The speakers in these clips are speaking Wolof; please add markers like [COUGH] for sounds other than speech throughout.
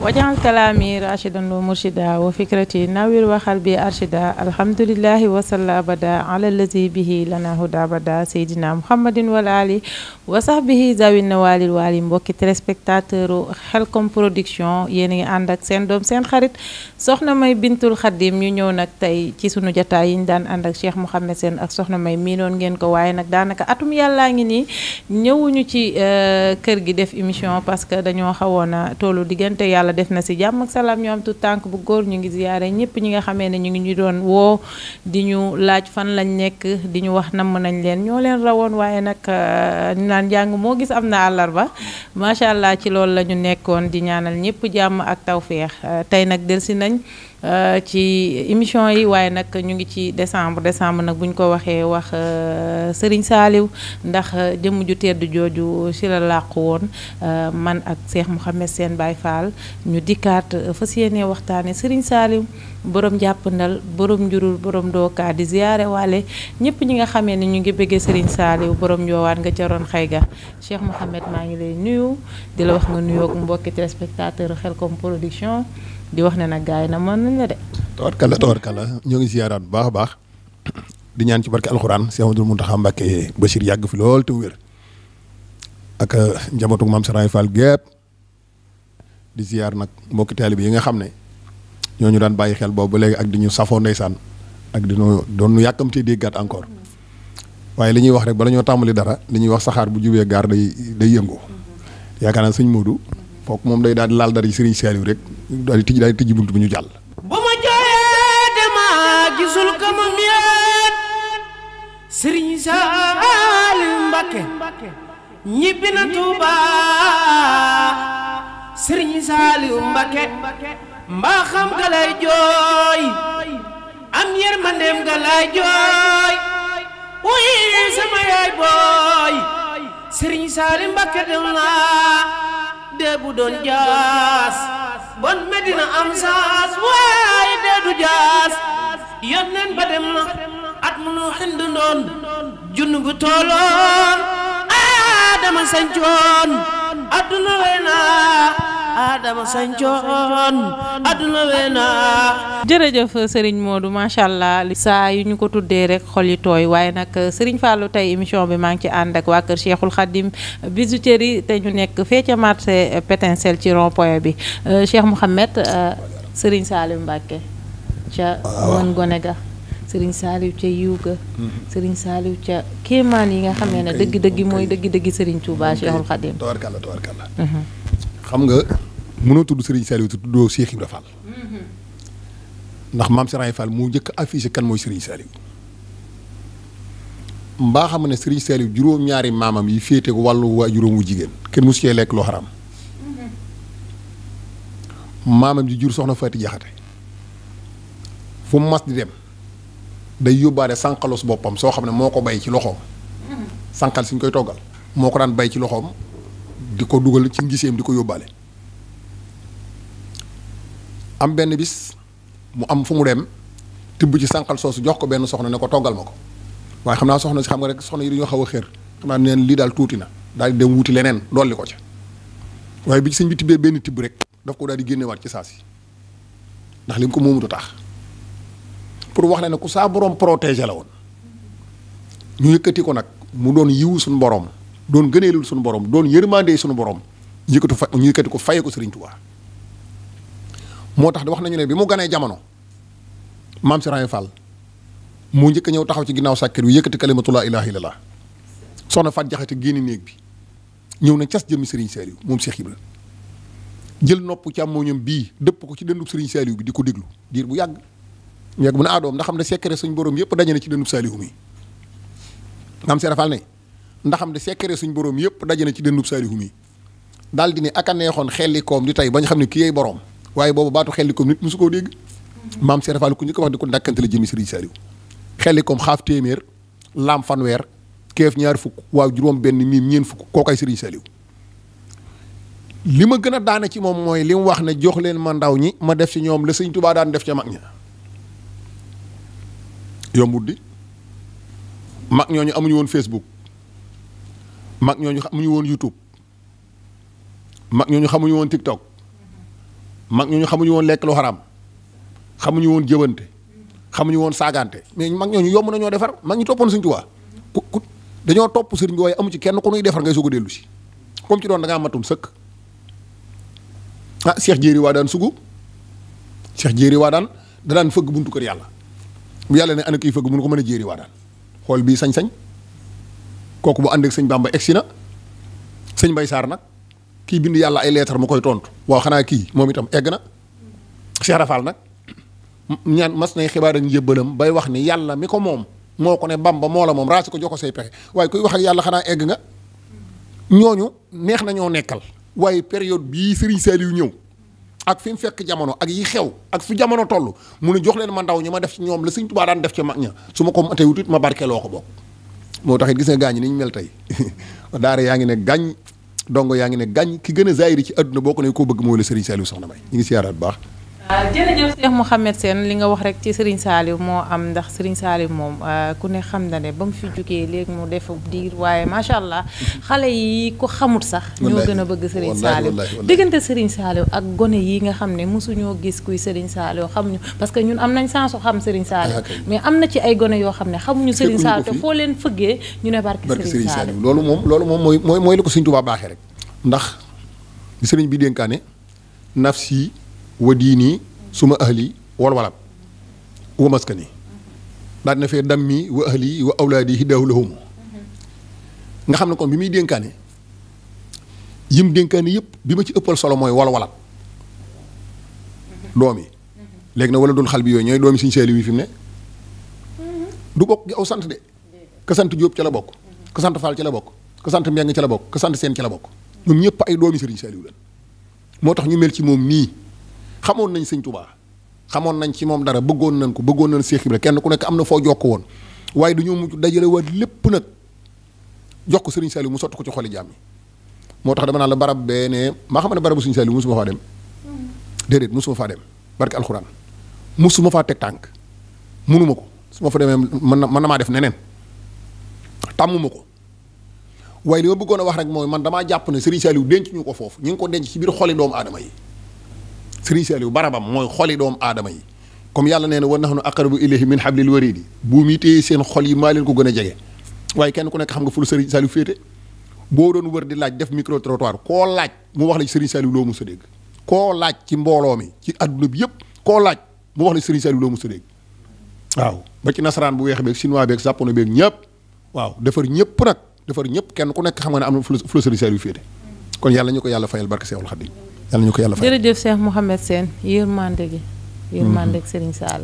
wajaxal kalaami rachidan wa murshida wa fikrati nawir waxal bi arshida alhamdulilahi wasalla abada alalazi bihi lana huda abada seydina mouhamadin wal ali wa sahbihi zawin na waalil wali mbokki respectateur u Khelcom production yéen a ngi ànd ak seen doom seen xarit soxna may bintul xaddim ñu ñëw nag tey ci sunu jataay yi ñu daan ànd ak Cheikh Mouhamed seen ak soxna may mii miinoon ngeen ko waaye nag daanaka atum yàllaa ngi nii ñëwuñu ci kër gi def émission parce que dañoo xawoon a diggante yàlla yàlla def na si jàmm ak salaam ñoom tu tànk bu góor ñu ngi ziyaare ñëpp ñi nga xamee ne ñu ngi ñu doon woo di ñu laaj fan lañ nekk di ñu wax namm nañ leen ñoo leen rawoon waaye nag euh, ñu naan jàng moo gis am na àllarba macha allah ci loolu la ñu nekkoon di ñaanal ñëpp jàmm ak tawféex euh, tey nag delsi nañ Euh, ci émission yi waaye nag ñu ngi ci décembre décembre nag bu ñu ko waxee wax euh, Serigne Saliou ndax euh, jëmm ju tedd jooju ci la làqu woon man ak Cheikh Mouhamed Sène Baye Fall ñu dikkaat fas yéene waxtaane Serigne Saliou borom jàppandal borom njurul borom doo di ziyaare waale ñëpp ñi nga xamee ne ñu ngi bëggee Serigne Saliou borom njoowaat nga ca roon xëy ga Cheikh Mouhamed maa ngi lay nuyu di la wax nga nuyoog mbokki téléspectateur Khelcom Production di wax ne nag gars na mën nañ la de. tawarkala tawarkala ñoo ngi ziyaaraat bu baax a baax di ñaan ci barke alxuraan Seex mun Muntaxa Mbàkke Bachir yàgg fi lool te wér ak euh, njabootu maam Saraay Fall gépp di ziyaar nag mbokki taalibe yi nga xam ne ñoo ñu daan bàyyi xel boobu ba léegi ak di ñu safoo ndeysaan ak di ñu doon ñu yàkkamtee gat encore waaye li ñuy wax rek bala ñoo tàmbali dara li ñuy wax saxaar bu jubee gaar day day yëngu yaakaar naa sëñ kooku moom day daal laal dara ci Serigne rek daal di tijj daal bunt bu ñu jàll. bu ma jooyee dama gisul ko ma miin Serigne Saliou ñibbi na Touba Serigne Saliou Mbacké mbaa xam jooy am yërmandeem nga lay jooy wuy sama yaay booy Serigne Saliou Mbacké dem dee bu doon jaas bon medina am saas waaye dee du jaas yónneen ba dem na at mu nu xind ndoon aadama sancoon adduna weena Adama sancoon adduna weena jërëjëf Serigne Modou macha allah saa yu ñu ko tuddee rek xol yi tooy waaye nag Serigne Fallou tey émission bi maa ngi ci ànd ak waa kër Cheikhul Khadim Bijouterie te ñu nekk fee ca marché Pétincelle ci rond point bi euh, Cheikh Mouhamed euh, Serigne Salim Mbacke ca mën ah, gone ga sëriñ saaliw ca yiw ga mhm. sëriñ saaliw ca kéemaan yi nga xamee ne dëgg dëgg mooy dëgg dëgg sëriñ Tuubaa Seexul Xadiim xam nga mënoo tudd sëriñ saaliw te tuddoo Seex Ibra Fall mhm. ndax maam Serigne Fall moo njëkk affiché kan mooy sëriñ saaliw mbaa xam ne sëriñ saaliw juróom-ñaari maamam yi féete wàllu waa juróom wu jigéen kenn mus cee lekk loo xaram mhm. maamam ji jur soxna Faati Jaxate fu mas di dem day yóbbaale sànqalus boppam soo xam ne moo ko bay ci loxoom sanqal si ñu koy toggal moo ko daan bay ci loxoom di ko dugal ci ngiseem di ko yóbbaale am benn bis mu am fu mu dem tibb ci sànqal soosu jox ko benn soxna ne ko toggal ma ko waaye xam naa soxna si xam nga rek soxna yi dañoo xaw a xër xam naa neen lii daal tuuti na daal di dem wuti leneen dolli ko ca waaye bi suñ sëñ bi tibbee benn tibb rek daf ko daal di génnewaat ci saa si ndax li mu ko moomutu tax pour wax la ne ku saa borom protégé la woon ñu yëkkati ko nag mu doon yiwu suñu borom doon gëneelul suñu borom doon yërmande suñu borom yëkkatu fa ñu yëkkati ko faye ko Serigne Touba moo tax wax nañu ne bi mu ganee jamono maam Serigne Fall moo njëkk ñëw taxaw ci ginnaaw sàkkir wi yëkkati kalimatu laa ilaaha illallaah soxna Faat Jaxate génn néeg bi ñëw na cas jëmmi Serigne Saliou moom Cheikh Ibra jël noppu nopp càmmoñam bii dëpp ko ci dëndub Serigne Saliou bi di ko déglu diir bu yàgg. mu yàgg mu ne aadoom ah ndax xam ne secret suñ borom yëpp daje na ci dënub saalihu ne ndax xam ne secret suñ borom yëpp daje na ci dënub saalihu mi daal di ne ak a neexoon xelli koom di tey bañ xam ne kii yey borom waaye boobu baatu xelli koom nit mosu koo dégg maam Seera ku ñu ko wax di ko ndàkkante la jëmi sëriñ saalihu xelli koom xaaf téeméer laam fanweer keef ñaar fukk waaw juróom benn miim ñeen fukk kookaay sëriñ saalihu li ma gën a daane ci moom mooy li mu wax ne jox leen ma ndaw ñi ma def ci ñoom la sëñ Tuubaa daan def ca mag ña yombut di mag ñooñu amuñu woon Facebook mag ñoo ñu amuñu woon YouTube mag ñoo ñu xamuñu woon TikTok mag ñooñu xamuñu woon lekk lu xaraam xamuñu woon jëbante xamuñu woon saagante mais mag ñooñu yomb nañoo defar mag ñi toppoon Sëriñ Tuubaa ku ku dañoo topp sëriñ bi waaye amu ci kenn ku nuy defar ngay soog a dellu si comme ci doon da ngaa matum sëkk ah Cheikh Jéeri waa daan sugu Cheikh Jéeri waa daan da fëgg buntu kër yàlla. bu yàlla ne ana kiy fëgg mun ko mën a jéeri waa daal xool bii sañ-sañ kooku bu ànd ak sëñ Bàmba si na sëñ Mbay Saar nag kii bind yàlla ay leetar mu koy tontu waaw xanaa kii moom itam egg na Cheikh Rafal nag ñaan mas nay xibaar ak njëbbalam bay wax ni yàlla mi ko moom moo ko ne Bàmba moo la moom raasi ko jox ko say pexe waaye kuy wax ak yàlla xanaa egg nga ñooñu neex na ñoo nekkal waaye période bii Serigne Saliou ñëw ak fi mu fekk jamono ak yi xew ak fi jamono toll mu ne jox leen ma ndaw ñi ma def ci ñoom la sëñ Tuubaa daan def ci mag ña su ma ko matee wutit ma barkeeloo ko bokk moo tax it gis nga gaañ ni ñu mel tey [LAUGHS] daara yaa ngi ne gaañ dongo yaa ngi ne gaañ ki gën a zaayiri ci àdduna boo ko ne koo bëgg mooy la Serigne Saliou Soxna May ñu ngi siyaaraat bu baax Euh, jërëjëf Cheikh Mouhamed seen li nga wax rek ci Serigne Saliou moo am ndax Serigne Saliou moom euh, ku ne xam na ne ba mu fi jógee léegi mu def diir waaye macha allah xale yi ko xamut sax. ñoo gën a bëgg Serigne Saliou diggante Serigne Saliou ak gone yi nga xam ne mosuñoo gis kuy Serigne Saliou xamuñu parce que ñun am nañ sensu xam Serigne Saliou. Ah, mais am na ci ay gone yoo xam ne xamuñu Serigne Saliou te foo leen fëggee ñu ne barke Serigne Saliou loolu moom loolu moom mooy mooy li ko Serigne Touba baaxee rek. ndax bi dénkaane nafsi wa diini suma ahli wal walad ni maskani na dina fee dammi wa ahli wa awlaadi hidaahu lahum nga xam ne kon bi muy dénkaane yim dénkaane yëpp bi ma ci ëppal solo mooy wal walat doom yi léegi nag wala dul xal bi yooyu ñooy doomi Sëriñ Saaliw yi fi mu ne du bokk gi aw sant de ka sant Jóob ca la bokk ka Faal ca la bokk ka sant Mbeng ca la bokk ka sant Seen ca la bokk ñoom ñëpp ay doomi Sëriñ Saaliw lan moo tax ñu mel ci moom mii xamoon nañ sëñ Touba xamoon nañ ci moom dara bëggoon nañ ko bëggoon nañ Cheikh Ibra kenn ku nekk am na foo jokk woon waaye dañoo mujj dajale waat lépp nag jox ko Serigne Saliou mu sotti ko ci xoli jaam yi moo tax dama naan la barab bee ne maa xam ne barabu Serigne Saliou dem déedéet musuma faa dem barke alxuraan musuma faa teg tànk munuma ko su ma fa demee mën na mën na maa def neneen tàmmuma ko waaye li ma bëggoon a wax jàpp ne Serigne Saliou denc ñu ko foofu ñu ngi ko denc ci biir xoli doomu aadama yi. Serigne Saliou barabam mooy xoli doomu aadama yi comme yàlla nee na wa nahnu aqrabu ilayhi min hablil waridi bu mu téye seen xol yi maa leen ko gën a jege waaye kenn ku nekk xam nga fu la Serigne Saliou boo doon wër di laaj def micro koo laaj mu wax la Serigne Saliou loo mus a dégg koo laaj ci mbooloo mi ci adduna yëpp koo laaj mu wax la Serigne loo mus a waaw ba ci nasaraan bu weex beeg chinois beeg beeg ñëpp waaw defar ñëpp nag defar ñëpp kenn ku nekk xam am na fu la Serigne Saliou féete kon yàlla ñu ko yàlla fayal barke Seexul bi yàlla ñu ko yàlla fay. jërëjëf Cheikh Mouhamed Sène yërmande gi. yërmande mhm. ak Serigne Sall.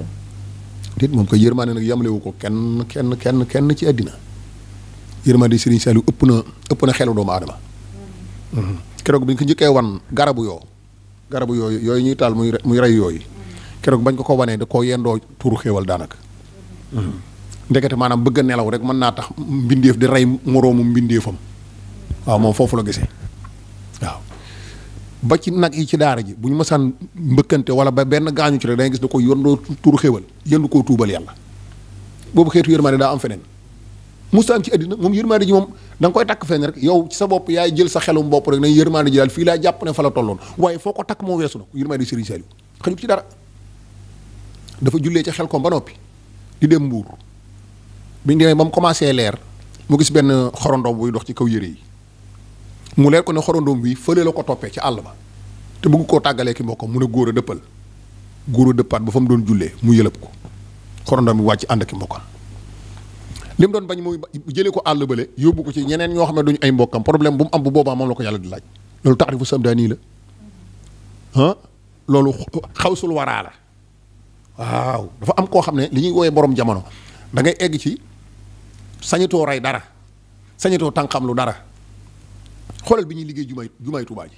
déet moom koy yërmande nag yamalewu ko kenn kenn kenn kenn ci àddina yërmande Serigne Sall ëpp na ëpp na xelu doomu aadama. Mhm. Mhm. keroog bi ko njëkkee wan garabu yoo garabu yooyu yooyu ñuy taal muy muy rey yooyu keroog bañ ko ko wanee da koo yendoo tuuru xéewal daanaka. ndekete maanaam bëgg a nelaw rek mën naa tax mbindeef di rey moroomu mbindeefam waaw moom foofu la gisee. ba ci nag yi ci daara ji bu ñu mësaan mbëkkante wala ba benn gaañu ci rek da ngay gis da ko yóndoo turu xéwal yëndu koo tuubal yàlla boobu xeetu yërmaande daa am feneen musta am ci àddina moom yërmaande ji moom da nga koy takk fenn yow sa bopp yaay jël sa xelum bopp rek nañ yërmaande ji daal fii laa jàpp ne fa la tolloon waaye foo ko takk moo weesu na yërmaande Sëriñ Saliou xajul ci dara dafa jullee ci xel ko ba noppi di dem mbuur bi ñu demee ba mu commencé leer mu gis benn xorondoom buy dox ci kaw yëre yi mu leer ko ne bi fële la ko toppee ci àll ba te bëgg koo tàggalee ki mbokkam mun a góor a dëppal góor a dëppaat ba fa mu doon jullee mu yëlëb ko xorondom bi wàcc ànd ak mbokkam li mu doon bañ mooy jëlee ko àll bële yóbbu ko ci ñeneen ñoo xam ne duñu ay mbokkam problème bu mu am bu boobaa moom la ko yàlla di laaj loolu taxrifu samdaanii la ah loolu xawsul waraa la waaw dafa am koo xam ne li ñuy woowee borom jamono dangay egg ci sañatoo rey dara sañatoo tànqam lu dara xoolal bi ñuy liggéey jumaay jumaay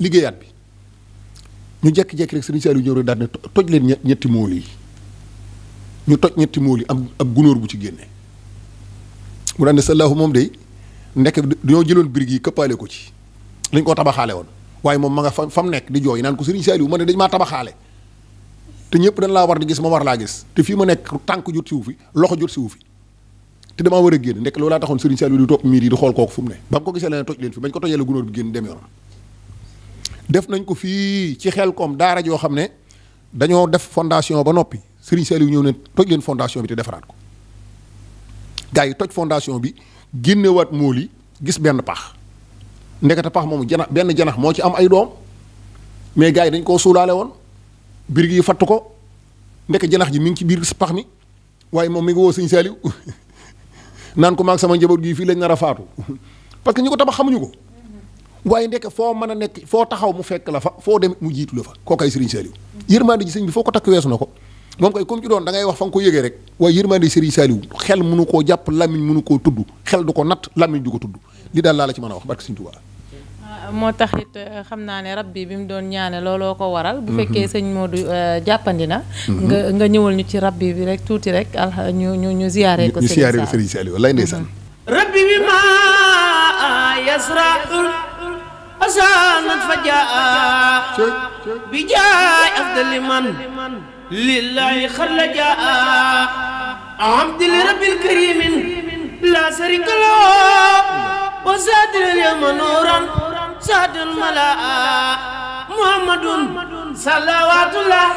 liggéeyaat bi ñu jekki-jekki rek sëriñ Saliou ñëw rek daal ne toj leen ñetti mool yi ñu toj ñetti mool yi am ab gunóor bu ci génne mu daan ne sallaahu moom de ndekk dañoo jëloon birig yi këppaale ko ci dañ koo tabaxaale woon waaye moom ma nga fa fam nekk di jooy naan ko sëriñ Saliou man ne dañ maa tabaxaale te ñëpp dañ laa war di gis ma war laa gis te fii ma nekk tànk jot siwu fi loxo jot siwu fi te damaa war a génn ndekk loolaa taxoon sëriñ def nañ ko fii ci xel koom daara joo xam ne dañoo def fondation ba noppi Serigne Saliou ñëw ne toj leen fondation bi te defaraat ko gars yi toj fondation bi génnewaat mool yi gis benn pax ndekete pax moomu janax benn janax moo ci am ay doom mais gars yi dañ koo suulaale woon birig yi fatt ko ndek janax ji mi ngi ci biir pax mi waaye moom mi ngi woo Serigne Saliou [LAUGHS] naan ko maag sama njaboot gi fii lañ nar a faatu [LAUGHS] parce que ñu ko tabax xamuñu ko. waaye ndeke foo mën a nekk foo taxaw mu fekk la fa foo dem mu jiitu la fa kooku ay Serigne Saliou yërmande ji sëñ bi foo ko takk weesu na ko moom kay comme ci doon da ngay wax fa nga ko yëgee rek waaye yërmande Serigne Saliou xel mënu koo jàpp lamiñ mënu koo tudd xel du ko natt lamiñ du ko tudd li daal laa la ci mën a wax barke Serigne Touba ah, moo tax it eh, xam naa ne rab bi bi mu doon ñaane looloo ko waral. bu mhm. fekkee sëñ Modou eh, jàppandi na. Mhm. nga nga ñëwal ñu ci rab bi rek tuuti rek alxa ñu ñu ñu ziyaare ko. ñu ziyaare ko أسانت فجاء بجاء أفضل من لله خل جاء عبد لرب الكريم لا شريك له وزاد اليوم نورا ساد الملاء محمد صلوات الله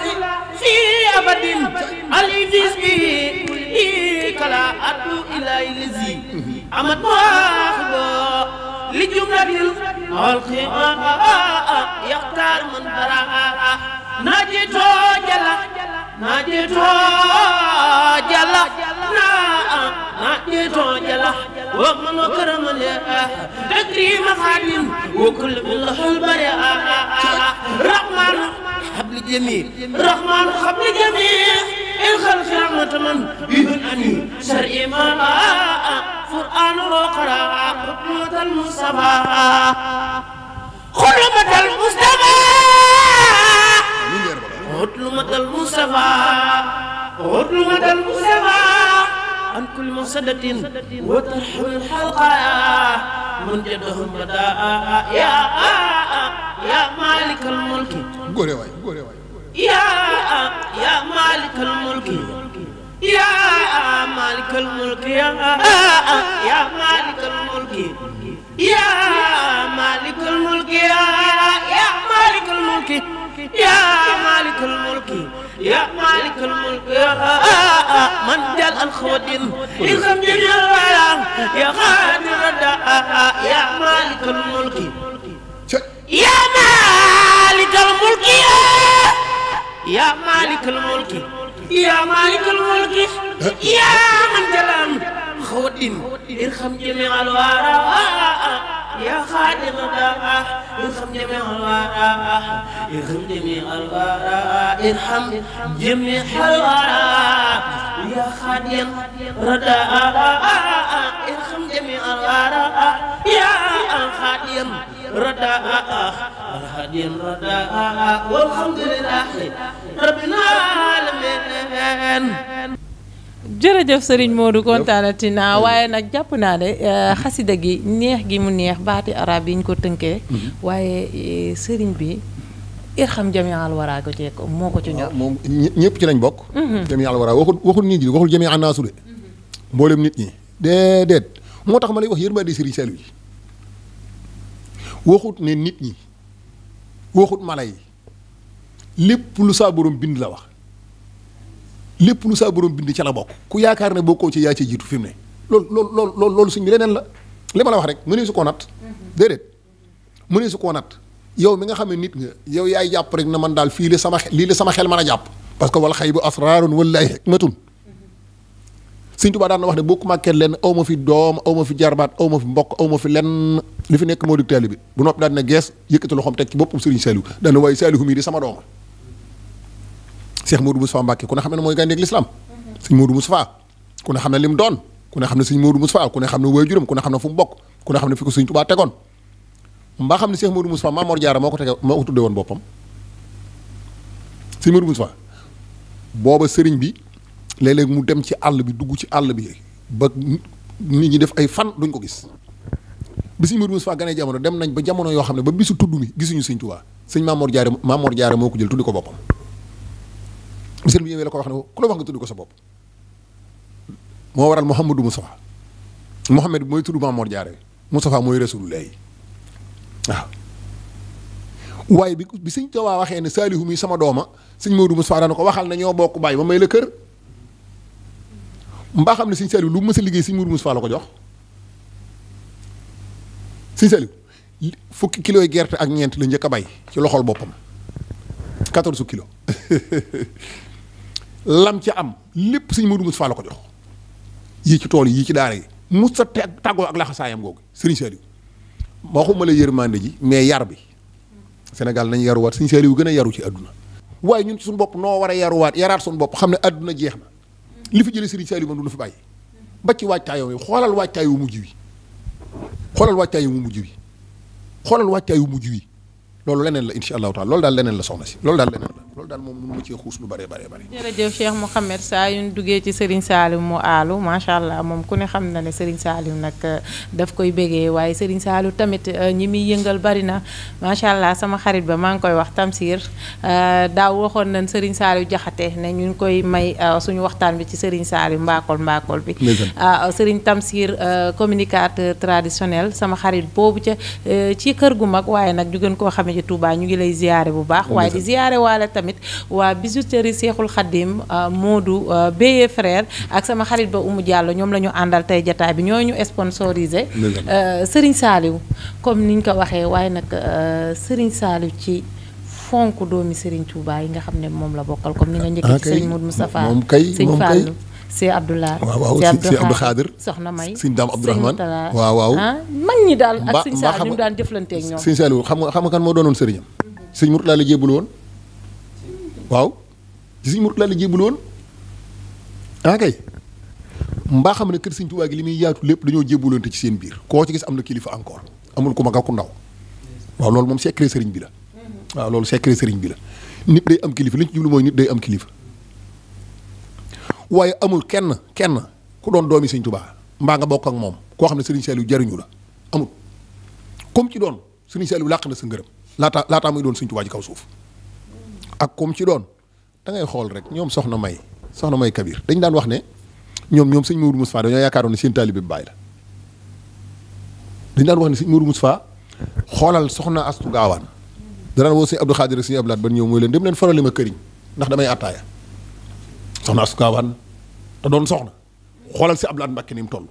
في أبد الإفيس به كلا أدو إلى الذي أمد واحد لجملة الخلق يختار من براء نجد جل نجد جل نجد جل ومن كرم تكريم خادم وكل بالحلبرياء رحمن حبل جميل رحمن حبل جميل الخلق رحمة من يهن أني شرعي ما القرآن وقرأ خدمة المصطفى خدمة المصطفى خدمة المصطفى خدمة المصطفى عن كل مفسدة وترحم الحلقة من جدهم بداء يا يا مالك الملك يا يا مالك الملك yaa maalikal mulki yaa maalikal mulki yaa maalikal mulki yaa maalikal mulki yaa maalikal mulki yaa maalikal mulki man jal al xawadim ilham jamil wala yaa xaadir daa yaa maalikal mulki yaa maalikal mulki yaa maalikal mulki يا مالك الملك يا من جلال خودين ارحم جميع الورى يا خادم الدعاء ارحم جميع الورى ارحم جميع الورى ارحم جميع الورى يا خادم رداء ارحم جميع الورى يا خادم رداء الهدي الرداء والحمد لله رب العالمين naa waaye nag jàpp naa ne euh, xasida gi neex gi mu neex baati araab yi ñu ko tënkee. Mm-hmm. waaye euh, Serigne bi irxam jami al waraa ko ci moo ko ci ñor. moom ci lañ bokk. Mm-hmm. jami al waraa waxul waxul nit ñi waxul jami anaasu de. Mm-hmm. mboolem nit ñi déedéet moo tax ma lay wax yërmande Serigne Saliou yi waxut ne nit ñi waxut mala yi lépp lu saa borom bind la wax lépp lu saa borom bind ca la bokk ku yaakaar ne bokkoo ci yaa ci jiitu fi mu ne loolu loolu loolu loolu suñ bi leneen la li ma la wax rek mënee su koo nat mm-hmm. déedéet mënee su koo nat yow mi nga xam ne nit nga yow yaay jàpp rek na man daal fii la sama lii la sama xel man a jàpp parce que wal xay bu asraarun wala ay hikmatun Sëñ Tuubaa daan na wax ne bokkuma aw ma fi doom aw ma fi jarbaat aw ma fi mbokk aw ma fi lenn li fi nekk moo dig taalibe bi bu noppi daan na gees yëkkati loxoom teg ci boppam Sëriñ Saliou daan na waaye Saliou mii di sama doom Cheikh Modou Moustapha Mbacké ku ne xam ne mooy gàndeeg l'islam Sëñ Modou Moustapha ku ne xam ne li mu doon ku ne xam ne Sëñ Modou Moustapha ku ne xam ne waajuram ku ne xam ne fu mu bokk ku ne xam ne fi ko Sëñ mbaa xam ne Cheikh Modou Moustapha Mamor Diarra moo ko tege moo ko tudde woon boppam Sëñ Modou Moustapha booba sëriñ bi léeg mu dem ci àll bi dugg ci àll bi ba nit ñi def ay fan duñ ko gis bi suñ Modou Moustapha ganee jamono dem nañ ba jamono yoo xam ne ba bisu tudd mi gisuñu sëñ Tuubaa sëñ Maamoor Jaara moo ko jël tuddi ko boppam sëñ bi ñëwee la wax ne ku la wax nga tuddi ko sa bopp moo waral Mouhamadou Moustapha Mouhamed mooy tudd Maamoor Jaara Moustapha mooy Rasulullah waaw waaye bi bi sëñ Tuubaa waxee ne saalihu mi sama dooma sëñ Modou Moustapha daan ko waxal ne ñoo bokk bàyyi ba may la kër mbaa xam ne sëñ Saliou lu mës a liggéey sëñ Mourou Moussa la ko jox sëñ Saliou fukki kilo gerte ak ñeent la njëkk a bay ci loxol boppam 14 kilo [LAUGHS] lam ca am lépp sëñ Mourou Moussa la ko jox yii ci tool yii ci daara yi mu sa tàggoo ak laxasaayam googu sëriñ Saliou waxuma la yërmande ji mais yar bi Sénégal nañ yaruwaat sëñ Saliou gën a yaru ci àdduna waaye ñun su suñu bopp noo war a yaruwaat yaraat suñu bopp xam ne àdduna jeex na. li fi jëlee Serigne Saliou moom lu fi bàyyi ba ci waajtaayoo yi xoolal waajtaay wu mujj wi xoolal waajtaay wu mujj wi xoolal waajtaay wu mujj wi loolu leneen la incha allahu taala loolu daal leneen la soxna si loolu daal leneen la. loolu daal moom mënu ma cee xuus lu bëree bëree bëri jërëjëf Cheikh Mouhamed saa yu ñu duggee ci Serigne Saliou mu aalu macha allah moom ku ne xam na ne Serigne Saliou nag euh, daf koy bégee waaye Serigne Saliou tamit euh, ñi muy yëngal bari na macha allah sama xarit ba maa ngi koy wax Tamsir euh, daaw waxoon na Serigne Saliou jaxate ne ñu ngi koy may suñu waxtaan bi ci Serigne Saliou mbaakol mbaakol bi Serigne Tamsir communicate traditionnel sama xarit boobu ca ci kër gu mag waaye nag ju koo xamee ci ngi lay ziyaare bu baax tamit waa bijouterie Seexul Xaddim euh, Modou euh, Béye frère ak sama xarit ba Oumou Diallo ñoom lañu àndal tey jataay bi ñoo ñu sponsorisé euh, Serigne Saliou comme niñ ko waxee waaye nag Serigne Saliou ci fonk doomi Serigne Touba yi nga xam ne moom la bokkal comme ni nga njëkkee ah, ci Serigne Modou Moustapha moom kay Serigne Fallou Sey Abdoulaye waaw waaw Sey Abdou Khadir soxna May Sëñ Daam Abdourahmane waaw waaw ah, mag ñi daal ak Sëñ Saliou ñu daan jëflanteeg ñoom Sëñ Saliou xam nga xam nga kan moo doonoon sëriñam Sëñ Mourtala la jébul woon waaw ci sëñ Murtala la li woon ah kay mbaa xam ne kër sëñ Tuubaa gi li muy yaatu lépp dañoo jébbaloonte ci seen biir koo ci gis am na kilifa encore amul ku mag ak ku ndaw waaw loolu moom secret sëriñ bi la waaw loolu secret sëriñ bi la nit day am kilifa li ñu ci jublu mooy nit day am kilifa waaye amul kenn kenn ku doon doomi sëñ tubaa mbaa nga bokk ak moom koo xam ne sëriñ Saliou jariñu la amul comme ci doon sëriñ Saliou làq na sa ngërëm laata laataa muy doon sëñ Tuubaa ci kaw suuf ak kum ci doon da ngay xool rek ñoom soxna May soxna May Kabir dañ daan wax ne ñoom ñoom sëñ Mourou Moustapha dañoo yaakaaroon ne seen taalibe bi bàyyi la dañ daan wax ne si Mourou Moustapha xoolal soxna Astu Gaawaan da daan woo sëñ Abdou Khadir ak sëñ ba ñëw mooy leen dem leen farali ma këriñ ndax damay attaaya soxna Astu Gaawaan te doon soxna xoolal si Abdou Lahat Mbàkke ni mu toll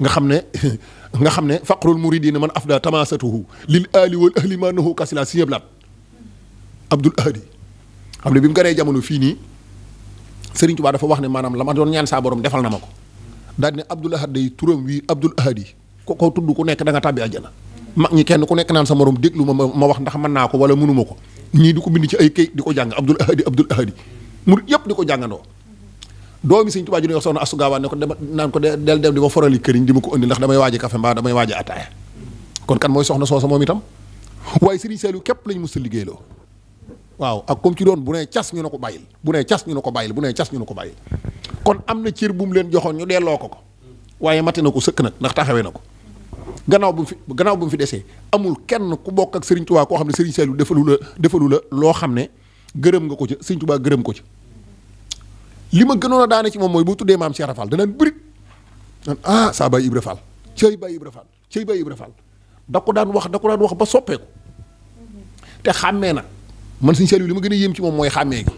nga xam ne [LAUGHS] nga xam ne faqrul muridina man afda tamasatuhu lil ali wal ahli ma nahu kasila sëñ Abdou Lahat Abdul Ahadi xam ne bi mu gënee jamono fii nii Serigne Touba dafa wax ne maanaam la ma doon ñaan saa borom defal na ma ko daal ne Abdul Ahad day turam wii Abdul Ahadi ko ko tudd ku nekk da nga tàbbi àjjana mag ñi kenn ku nekk naan sa morom déglu ma ma wax ndax mën naa ko wala mënuma ko ñii di ko bind ci ay di ko jàng Abdul ko jàngandoo doomi Serigne Touba ju ne wax soxna Astu Gaawaan ne ko dama ko del dem di ma forali këriñ di ma ko ëndi ndax damay waaje kafe mbaa damay waaje ataaya kon kan mooy soxna sa moom itam waaye Serigne Saliou képp lañ mos a liggéeyloo waaw ak comme ci doon bu nee cas ñu ne ko bàyyil bu nee cas ñu ne ko bàyyil bu nee ko bàyyil kon am na cër bu mu leen joxoon ñu delloo ko ko waaye mate na ko sëkk nag ndax taxawee na ko gannaaw bu mu fi gannaaw bu mu fi desee amul kenn ku bokk ak Serigne Touba koo xam ne Serigne Saliou defalu la defalu la loo xam ne gërëm nga ko ca Serigne Touba gërëm ko ca li ma gënoon daane ci moom mooy boo tuddee maam Cheikh Rafal danaan bërit naan ah saa Baye Ibra Fall cëy Baye Ibra Fall cëy Baye Ibra Fall da ko daan wax da ko daan wax ba soppeeku te xàmmee na man sëñ Saliou li ma gën a yéem ci moom mooy xàmmee gi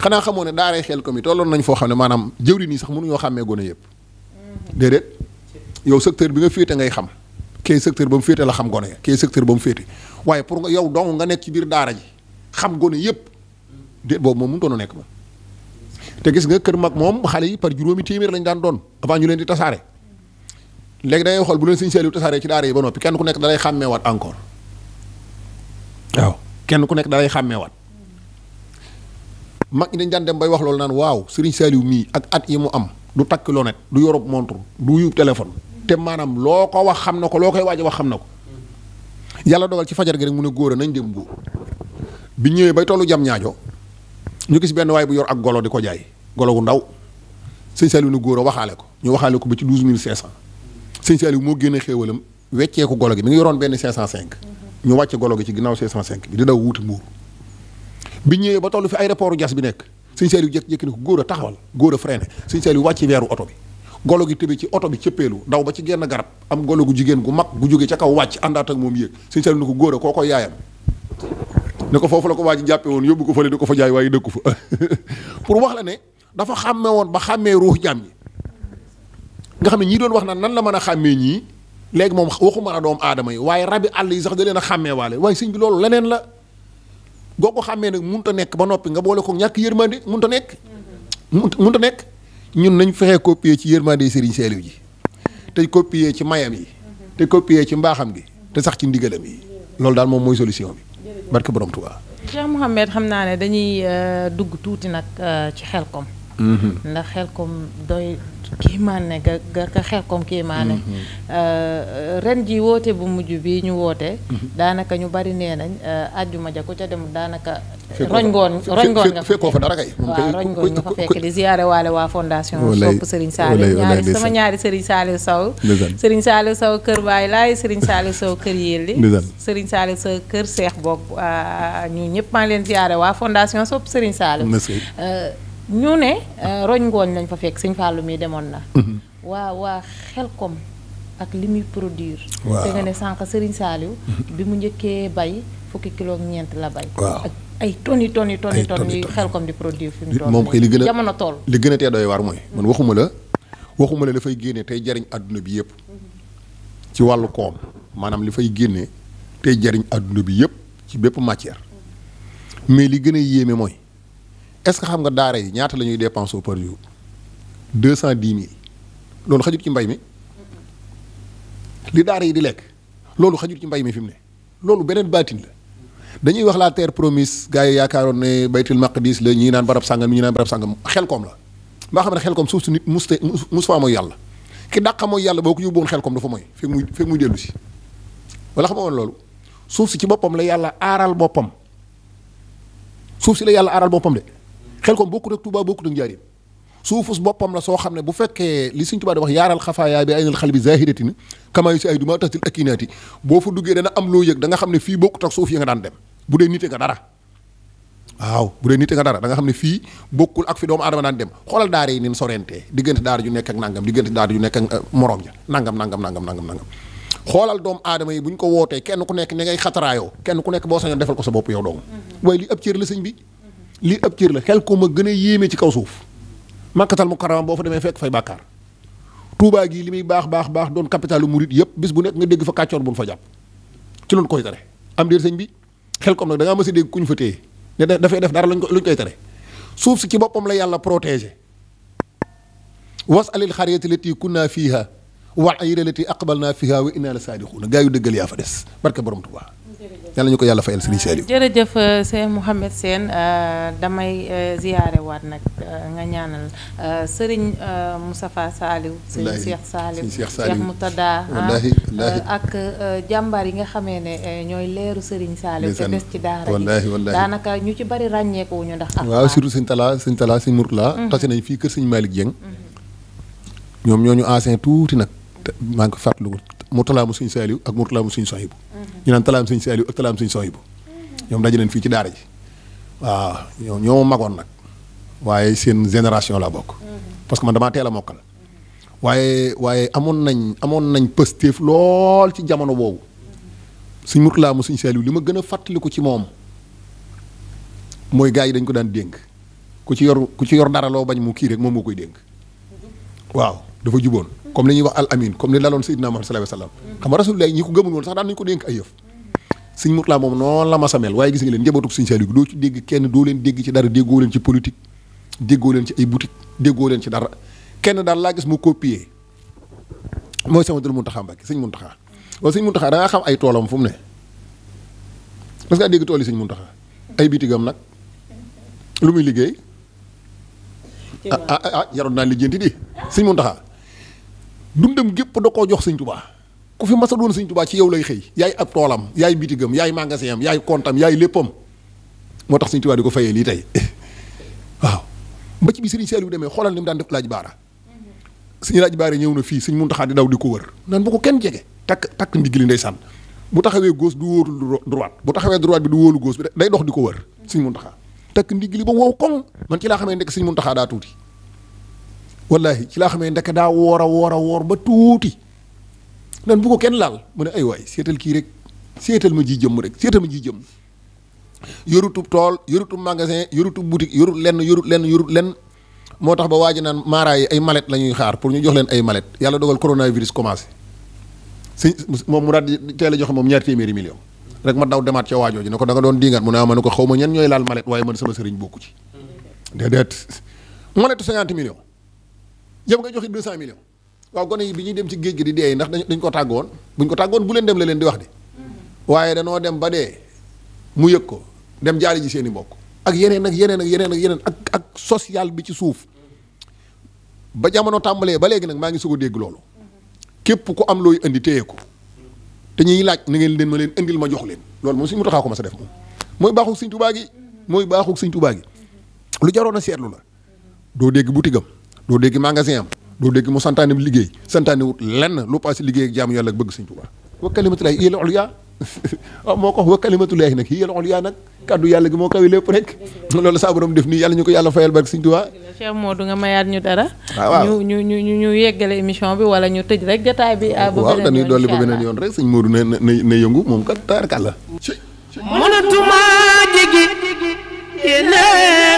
xanaa xamoo ne daaray xel ko mi tolloon nañ foo xam ne maanaam jëwri nii sax mënuñoo xàmmee gone yëpp déedéet yow secteur bi nga féete ngay xam kee secteur ba mu la xam gone ya kee secteur ba féete waaye pour nga yow dong nga nekk ci biir daara ji xam gone yëpp déet boobu moom mënutoon a nekk moom te gis nga kër mag moom xale yi par juróomi téeméer lañ daan doon avant ñu leen di tasaare léegi da xool bu leen sëñ Saliou tasaare ci daara yi ba noppi kenn ku nekk da lay xàmmeewaat encore waaw kenn ku nekk dalay xàmmeewaat mag ñi dañ daan dem bay wax loolu naan waaw Serigne Saliou mii ak at yi mu am du takk lonet du yorub montre du yub téléphone te maanaam loo ko wax xam na ko loo koy waaj wax xam na ko yàlla dogal ci fajar gi rek mu ne góor nañ dem buur bi ñëwee bay tollu jam ñaajo ñu gis benn waay bu yor ak golo di ko jaay golo gu ndaw sëñ Saliou ne góor waxaale ko ñu waxaale ko ba ci douze mille cinq cent sëñ Saliou moo génne xéewalam weccee ko golo gi mi ngi yoroon benn cinq cent cinq ñu wàcc golo gi ci ginnaaw 505 bi di daw wuuti mbuur bi ñëwee ba toll fi aéroport jas bi nekk sëñ Saliou jékki-jékki ne ko góor a taxawal góor a freiné sëñ Saliou wàcc weeru oto bi golo gi tëbe ci oto bi cëppeelu daw ba ci genn garab am golo gu jigéen gu mag gu jóge ca kaw wàcc àndaat ak moom yéeg sëñ Saliou ne ko góor koo koy yaayam ne ko foofu la ko waa ji jàppe woon yóbbu ko fële di ko fa jaay waaye dëkku fa [LAUGHS] pour wax la ne dafa xàmme woon ba xàmmee ruux jaam yi nga xam ne ñii doon wax naan nan la mën a xàmmee ñii léegi moom waxuma la doom aadama yi waaye rabi àll yi sax da leen a xàmmee waale waaye sëñ bi loolu leneen la goo ko xàmmee nag munta nekk ba noppi nga boole ko ñàkk yërmande munta nekk munta nekk ñun nañ fexee copier ci yërmande yi Serigne Saliou ji te copier ci mayam yi te copier ci mbaaxam gi te sax ci ndigalam yi loolu daal moom mooy solution bi barke borom Tuubaa Cheikh Mouhamed xam naa ne dañuy euh, dugg tuuti nag euh, ci xelkom mm-hmm. ndax xelkom doy kiimaane ga ga ka xel comme kiimaane mm-hmm. euh, ren ji woote bu mujj bi ñu woote mm-hmm. daanaka ñu bari nee nañ àjjuma euh, ja ku ca dem daanaka roñ ngoon roñ ngoon nga fa fekk di ziyaare waale waa fondation sopp Serigne Saliou ñaari Serigne Saliou Sow Serigne Saliou kër Baye Laye sëriñ Saliou Sow kër Yelli Serigne Saliou Sow kër Cheikh Bokk ñu ñëpp maa leen ziyaare waa fondation sopp Serigne Saliou ñu ne euh, roñ ngooñ lañ fa fekk sëñ Fallou mii demoon na. Mhm. waa waa xel kom ak li muy produire. te nga ne sànq Serigne Saliou. Mhm. bi mu njëkkee bay fukki kilo ak ñeent la bay. ak ay tonnes yi tonnes yi tonnes yi tonnes yi xel kom di produire. fi mu moom kay li gën a jamono toll. li gën a tee doy waar mooy. man waxuma la waxuma la dafay génne tey jariñ àdduna bi yëpp. Mhm. wàllu koom maanaam li fay génne tey jariñ àdduna bi yëpp ci bépp matière. mais li gën a yéeme mooy. est-ce que xam nga daara yi ñaata la ñuy dépenser par jour deux cent dix mille loolu xajut ci mbay mi li daara yi di lekk loolu xajut ci mbay mi fi mu ne loolu beneen baatin la dañuy wax la terre promise gars yi yaakaaroon ne baytul maqdis la ñii naan barab sàngam ñii naan barab sàngam xel koom la maa xam ne xel koom suuf si nit mus mus faa mooy yàlla ki dàqa mooy yàlla boo ko yóbboon xel koom dafa mooy fekk muy fekk muy dellu si wala xam loolu suuf si ci boppam la yàlla aaral boppam suuf si la yàlla aaral boppam xel kom bokkut ak Touba bokkut ak Njaaréem suufus boppam la soo xam ne bu fekkee li Sëñ Tuubaa di wax yaaral xafaayaa bi aynal xal bi zahidatin kamaa yu si ay duma taxtil akinaati boo fa duggee dana am loo yëg da nga xam ne fii bokkut ak suuf yi nga daan dem bu dee nite bu dee nite nga dara da nga xam ne fii bokkul ak fi doomu aadama daan dem xoolal daara yi nin sorentee diggante daara ju nekk ak nangam diggante daara ju nekk ak euh, morom ja nangam nangam nangam nangam nangam xoolal doomu adama yi bu ñu ko wootee kenn ku nekk ne ngay xataraayoo kenn ku nekk boo sañoon defal ko sa bopp yow mm-hmm. la bi lii ab cër la xel ko ma gën a yéeme ci kaw suuf màkkatal mu karama boo fa demee fekk fay bàkkaar Touba gii li muy baax baax baax doon capitalu murit yëpp bis bu nekk nga dégg fa kàccoor bu nu fa jàpp ci loolu koy tere am diir sëñ bi xel kom nag da ngaa mës a dégg ku ñu fa téye dafay def dara luñ ko luñ koy tere suuf si ci boppam la yàlla protége was alil xariyati lati naa fiiha wal ayda lati aqbalna fiiha wa inna la saadiquuna gaa yu dëggal yaa fa des barke borom Touba. yàlla ñu ko yàlla fayal Serigne Saliou jërëjëf euh, Cheikh Mouhamed Sène euh, damay euh, ziyaare waat nag nga ñaanal Serigne Moustapha Saliou Serigne Cheikh Saliou Cheikh Moutada ah, ak jàmbaar yi nga xamee ne ñooy leeru Serigne Saliou te des ci daara wallaahi wallaahi daanaka ñu ci bari ràññeekuwuñu ndax waaw surtout Serigne Talla Serigne Talla Serigne Mourtala mhm. tase nañ fii kër Serigne Malick Dieng mhm. ñoom ñoo ñu ancien tuuti nag maa ngi ko fàttaliku mu talaamu sëñ Saaliw ak mu talaamu sëñ Sohibu ñu naan talaam sëñ Saaliw ak talaam sëñ Sohibu ñoom daje leen fii ci daara ji waaw ñoo magoon nag waaye seen génération laa bokk parce que man damaa teel a mokkal waaye waaye amoon nañ amoon nañ pëstéef lool ci jamono boobu suñ murtalaa mu suñ saaliw li ma gën a fàttaliku ci moom mooy gars yi dañ ko daan dénk ku ci yor ku ci yor dara loo bañ mu kii rek moom moo koy dénk waaw dafa juboon comme li ñuy wax al amin comme li daloon Seydina Muhammad sallallahu alayhi xam nga ñi ko gëmul woon sax daan nañu ko dénk ay yëf sëñ Murtala moom noonu la ma samel waaye gis nga leen njabootu sëñ Saliou doo ci dégg kenn doo leen dégg ci dara déggoo leen ci politique déggoo leen ci ay boutique déggoo leen ci dara kenn daal laa gis mu copier mooy sama dul Muntaxa Mbàkke sëñ Muntaxa wala sëñ Muntaxa da nga xam ay toolam fu mu ne parce que dégg tool yi sëñ Muntaxa ay bitigam nag lu muy liggéey ah, ah ah ah yaroon naa lijjanti dundam gépp da koo jox sëñ tubaa ku fi mas a doon sëñ tubaa ci yow lay xëy yaay ab toolam yaay bitigam yaay magasinam yaay kontam yaay léppam moo tax sëñ tubaa di ko fayee lii tey [LAUGHS] waaw ba ci bi sëriñ Saliou demee xoolal ni mu daan def laaj baara sëñ laaj baara ñëw na fii sëñ Muntaxa di daw di ko wër naan bu ko kenn jege takk takk ndigli ndeysaan bu taxawee gauche du wóolu droite bu taxawee droite bi du wóolu gauche bi day dox di ko wër sëñ Muntaxa takk li ba wow koŋ man ci laa xamee nekk sëñ Muntaxa daa tuuti wallahi ci laa xamee ndeke daa woor a woor a woor ba tuuti nan bu ko kenn laal mu ne ay waay seetal kii rek seetal ma ji jëmm rek seetal ma ji jëmm yorutub tool yorutub magasin yorutub boutique yorut lenn yorut lenn yorut lenn moo tax ba waaji naan maaraay yi ay mallette la ñuy xaar pour ñu jox leen ay mallette yàlla dogal coronavirus commencé si moom mu daal di teel a joxe moom ñaar téeméeri million rek ma daw demaat ca waajooju ne ko da doon diingat mu ne ah, ma ne ko ma ñen ñooy laal mallette waaye man sama sëriñ yow nga joxe 200 millions waaw gone yi bi ñuy dem ci géej gi di dee ndax dañ ko tàggoon buñ ko tàggoon bu leen dem la leen di mm-hmm. waaye danoo dem ba dee mu yëg ko dem jaali ji seen i mbokk ak yeneen ak yeneen ak yeneen ak yeneen ak ak social bi ci suuf ba jamono tàmbalee ba léegi nag maa ngi su ko dégg loolu mm-hmm. képp ku am looy indi téye ko te ñuy laaj na ngeen leen ma leen indil ma jox leen loolu moom mu taxaw ko ma sa def moom mooy baaxug Sëñ Tuubaa gi mm-hmm. mooy baaxug Sëñ Tuubaa gi lu jaroon a seetlu la doo dégg bu tigam doo dégg magasin am doo dégg mu santaane liggéey santaane wut lenn lu paase liggéey ak jaamu yàlla bëgg sëñ Tuubaa wa kalimatullaahi hiya al-ulyaa waaw [LAUGHS] ah, moo ko wax wa nag hiya al-ulyaa nag kàddu yàlla gi lépp rek [LAUGHS] loolu saa borom ñu ko yàlla fayal barke sëñ Tuubaa Cheikh Modou nga mayaat ñu dara ah, ñu ñu ñu ñu yeggale émission bi wala ñu tëj rek jotaay bi ah, waaw dañuy dolli ba beneen yoon rek sëñ Modou na na na yëngu moom kat taarkat la mënatuma jigi yéen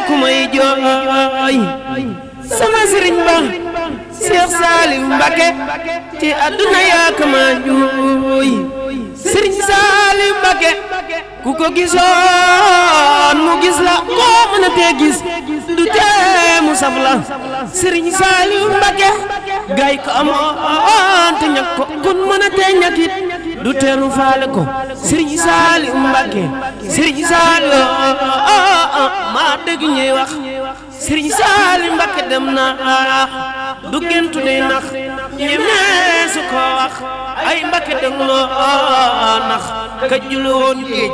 ku may jooy sama sëriñ ba Cheikh Salim Mbakke ci àdduna yaa kama juuy sëriñ Salim Mbakke ku ko gisoon mu gis la koo mën gis du tee mu saf la sëriñ Salim ko amoon te ñàkk ko kun mën a du teenu faale ko sëriñ Saaliw Mbàkke sëriñ Saaliw maa dëgg ñuy wax na ah du géntu day nax yéemee su ko wax ay mbakke dëng loo nax ka julu woon géej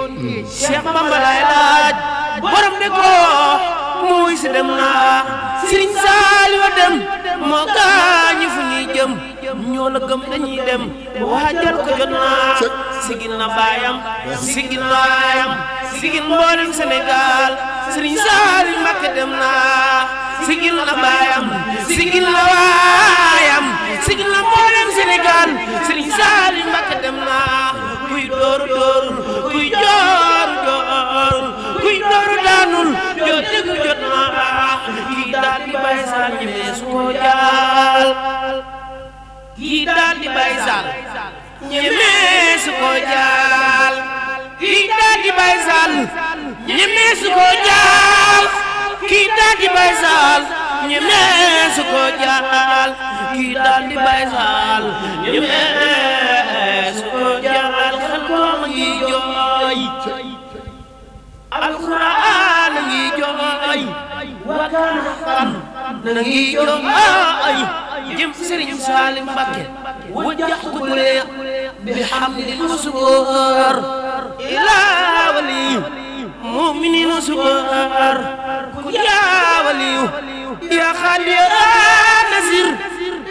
Cheikh laaj borom ne ko muy si naa sëriñ saali dem moo gaañu fu ñuy jëm ñoo gëm dañuy dem waajal ko jot naa sigil na baayam sigil na baayam sigil mboolem Sénégal sëriñ saali mbakke dem naa sigil la baayam sigil la waayam sigil la mboolem Sénégal Serigne Saliou Mbacké dem na kuy dooru dooru kuy jooru jooru kuy dooru daanul joo déggu jot na kii daal di bay saal ñemees koo jaal kii daal di bay saal ñemees koo jaal kii daal di bay saal ñemees koo jaal kii daal di bay saal ñemee su ko jaal kii daal di bay saal ñemee su ko jaal xel boo ngi jooy alxuraan na ngi jooy wakaan ngi jooy jëm Serigne Salim Mbacké wajax ku bulee bi hamdi musukoor ilaa wali mu'minin sukoor yaa waliyu yaa xaadi yaa nasir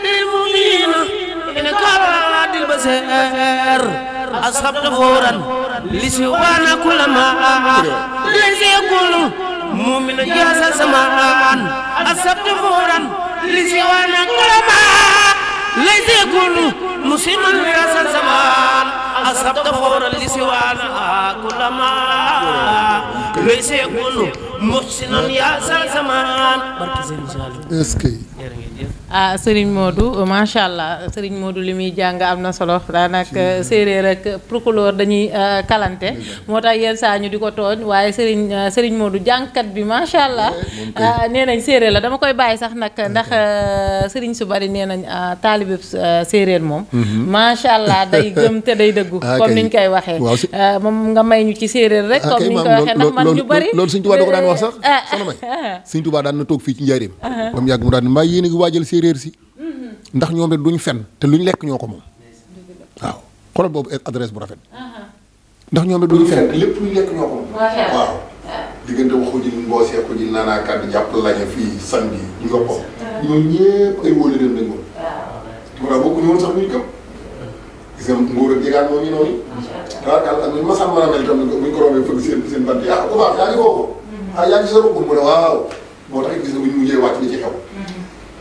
lil mu'miniina innaka alaa dil basiir asabta fawran li siwaana kulla maa laysa yakunu mu'mina jaasa samaan asabta fawran li siwaana kulla maa laysa yakunu musliman jaasa samaan asabta fawran li siwaana kulla maa laysa yakunu muhsinun yaa sa zamaan barke Serigne Saliou est-ce que jërë ngeen jëf ah Serigne Modou macha allah Serigne Modou li muy jàng am na solo daanaka séeréer ak procureur dañuy ah, kalante moo tax yenn saa ñu di ko tooñ waaye Serigne ah, Serigne Modou jàngkat bi macha allah eh, ah, nee nañ la dama koy bàyyi sax nag ndax Serigne su bari nee nañ taalibe séeréer moom. Mhm. macha allah day gëm te day dëggu. [LAUGHS] comme niñ koy waxee. moom nga may ñu ci séréer rek. comme niñ koy waxee ndax man ñu bari. loolu suñ Touba da [LAUGHS] [LAUGHS] daan na toog fii ci njaareem. ba yàgg mu daan mbaa yéen a ngi séeréer si ndax ñoom it duñ fen te luñ lekk ñoo ko moom waaw xoolal boobu e- adresse bu rafet ndax ñoom it duñ fen lépp luñ lekk ñoo ko moom waaw diggante waxu ji mboosee ko jàpp lañu fii samedi ñu yoppam ñooñu ñëpp ay wóolu dem dañ ñu woon sax muy gëm gis nga nguur ak jegaan moo ak ñu ma a mel tam buñ ko seen seen bant ah, yaa ngi kooku mm-hmm. ah yaa sa ruq mu ne waaw moo tax gis nga buñ mujjee wàcc li ci xew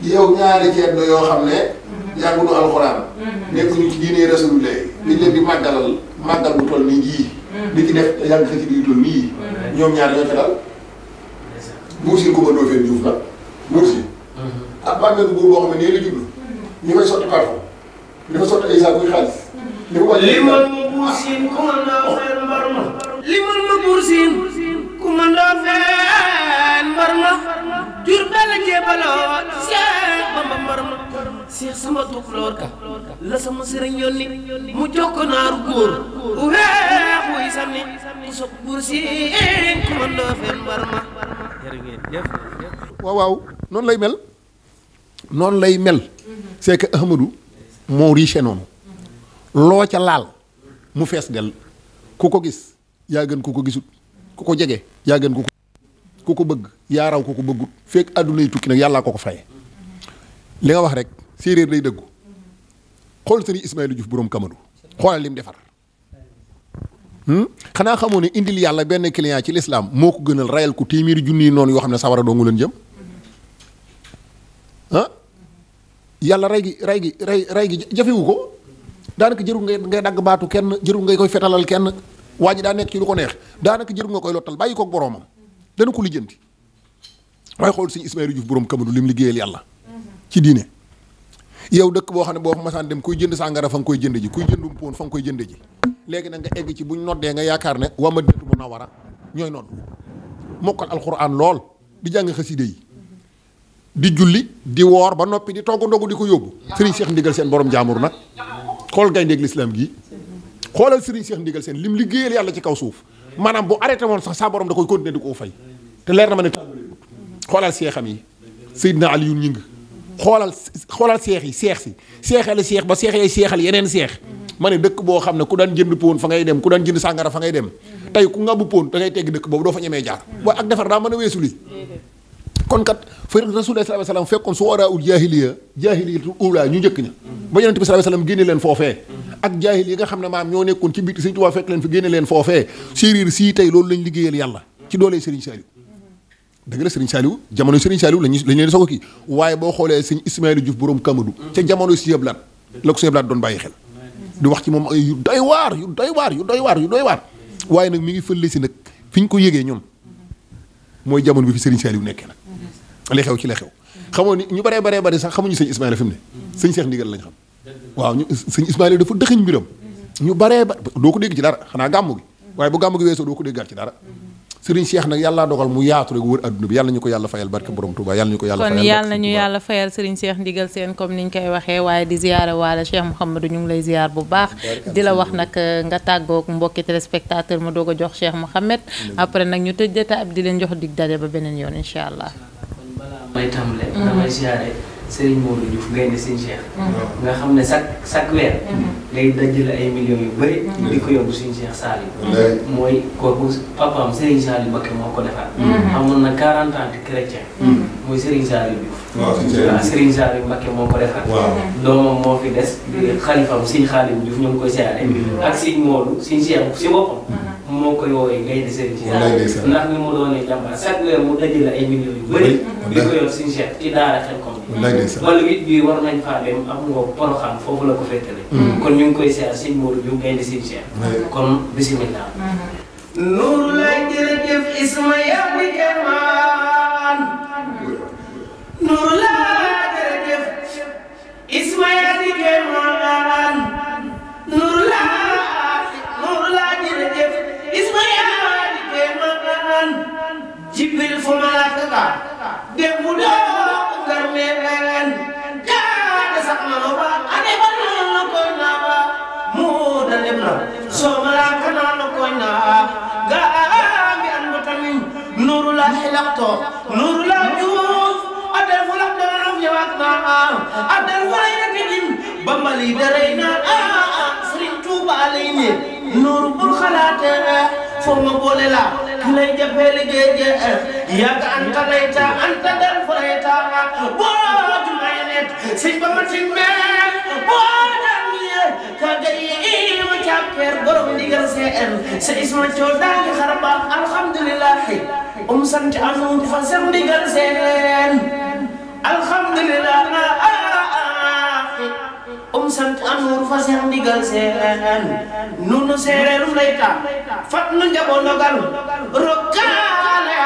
yow ñaari ceeb la yoo xam ne. yàgguñu alxuraan. Mm-hmm. nekkuñu ci diine rasulullah liñ mm-hmm. leen di màggalal màggal bu toll nii jii. Mm-hmm. li ci def yàgg xëcc bi toll nii. ñoom ñaar ñoo ca dal. buur si Kumba Ndoofeen Juuf la buur si. ak bàmmeelu ne nii la jublu. ñu fay sotti parfum li fa sotti ay saako muy xaalis. li mu ah. li mu wàññi ko li mu wàññi ko li mu wàññi ko li mu wàññi jur ba la jébaloo Cheikh Bamba mbaram Cheikh sama la sama sëriñ yónni mu jokko naaru góor u weex wuy buur si waaw waaw noonu lay mel noonu lay mel c'est que moo riche noonu loo ca laal mu fees del ku ko gis yaa gën ku ko gisut ku ko jege yaa gën ku ko ku ko bëgg yaa raw ku ko bëggut fekk àdduna yi tukki nag yàllaa ko ko faye li nga wax rek séeréer day dëggu xool sëriñ Ismaïla Diouf boroom kamadu xoolal lim defar hmm? xanaa xamoo ne indil yàlla benn client ci lislaam moo ko gënal rayal ko téeméeri junni noonu yoo xam ne sawara doo ngu leen jëm ah? yàlla rey gi ray gi rey rey gi jafewu ko daanaka jëru ngay ngay dagg baatu kenn jëru ngay koy fetalal kenn waa ji daa nekk ci lu ko neex daanaka jëru nga koy lottal bàyyi koog boroomam dana ko lijjanti waaye xool suñu Ismaïla Diouf borom Cameroun li mu liggéeyal yàlla ci diine yow dëkk boo xam ne boo fa masaan dem kuy jënd sàngara fa nga koy jënd ji kuy jëndum poon fa nga koy jënd ji léegi nag nga egg ci buñ noddee nga yaakaar ne waa Madinatu Munawwara ñooy nodd mokkal alxuraan lool di jàng xaside yi di julli di woor ba noppi di togg ndogu di ko yóbbu Serigne seex Ndigal seen borom jaamur nag xool gayndeeg lislaam gi xoolal Serigne Cheikh Ndigal seen lim liggéeyal yàlla ci kaw suuf maanaam bu arrêté woon sax saa borom da koy continuer di koo fay te leer na ma ne xoolal seexam yi Seydina Aliyu ñing xoolal xoolal seex yi seex si seexali seex ba seex yay seexal yeneen seex ma ne dëkk boo xam ne ku daan jënd poon fa ngay dem ku daan jënd sàngara fa ngay dem tey ku ngàbbu poon da ngay tegg dëkk boobu doo fa ñemee jaar waaye ak defar daa mën a weesu lii kon kat fër rasulullah sallallahu alayhi wasallam fekkoon su waraa ul jaahiliya jaahiliyatu ulaa ñu njëkk ña ba yonent bi sallallahu alayhi wasallam génne leen foofee ak jaahil yi nga xam ne maam ñoo nekkoon ci biti Sëriñ Tuubaa fekk leen fi génne leen foofee séeréer sii tey loolu lañ liggéeyal yàlla ci doolee Sëriñ Saaliw dëgg la Sëriñ Saaliw jamono Sëriñ Saaliw lañu lañ leen soog a kii waaye boo xoolee Sëriñ Ismaayla Juuf borom Kamadu ca jamono Sëriñ Ablaat la ko Sëriñ Ablaat doon bàyyi xel di wax ci moom ay yu doy waar yu doy waar yu doy waar yu doy waar waaye nag mi ngi fële si nag fi ñu ko yëgee ñun mooy jamono bi fi Sëriñ Saaliw nekkee nag li xew ci la xew xamoo ni ñu bare baree bari sax xamuñu sëñ Ismaïla fi ne sëñ Cheikh Ndigal lañ xam waaw ñu sëñ Ismaïla dafa dëxëñ mbiram ñu baree ba doo ko dégg ci dara xanaa gàmmu gi waaye bu gàmmu gi weesoo doo ko déggaat ci dara sëriñ Cheikh nag yàlla dogal mu yaatu rek wër adduna bi yàlla ñu ko yàlla fayal barke borom Touba yàlla ñu ko yàlla fayal kon yàlla nañu yàlla fayal sëriñ Cheikh ndigal seen comme niñ koy waxee waaye di ziyaare waale Cheikh Mouhamadou ñu lay ziyaar bu baax di wax nag euh, nga tàggoog mbokki téléspectateur ma doog a jox Cheikh Mouhamed après nag ñu tëj jotaay di leen jox dig daje ba beneen yoon incha allah may tàmbale. Mhm. damay siyaare Serigne Modou Diouf ngay ne Serigne Cheikh. Mhm. nga xam ne chaque chaque weer. Mhm. day dajale ay millions yu bëri. di ko yóbbu Serigne Cheikh Saliou. mooy kooku papaam Serigne Saliou Mbacké moo ko defaat. amoon na 40 ans de chrétien. mooy Serigne Saliou Diouf. waaw Serigne Saliou Mbacké moo ko defaat. doomam moo fi des. xalifam Serigne Khadim Diouf ñu ngi koy siyaare. ak Serigne Modou Serigne Cheikh si boppam. moo koy woowee ngay di seen ci ndax ni mu doonee jàmbaar chaque weer mu ay millions yu bëri di ko yor suñu chef daara xel comme wala wit bii war nañ faa dem am nga poroxaan foofu la ko féetale mm. kon ñu ngi koy seer sëñ Modou yu ngay di seen kon bisimilah mm-hmm. nuuru lay jërëjëf isma yàbbi kemaan nuuru laa jërëjëf isma jibril fu malaaka ba dem mu doon garmeeren kaade sax mano ba ade ba nana koy nawa mu da dem na so malaaka nana koy nawa ga ambi an batamin nuru la hilaqto nuru la juuf adal fu lak dana nof yawak na adal fu lay rakidin ba mali darey na a ah, ah, Sëriñ Tuuba lay ne nuru bul xalaate foog nga boole laa ki lay jàppee liggéey jee yàgg anta layta anta dal fa layta boo jumay net siñ ba ma ka gay iima càppeer borom ndigal seen sa isma coo daangi xarabaa um sant anuun fa sem ndigal seen om sant anuur fa seen ndigal seen nunu seereeru lay ta fat nu njabo ndogal rokkaale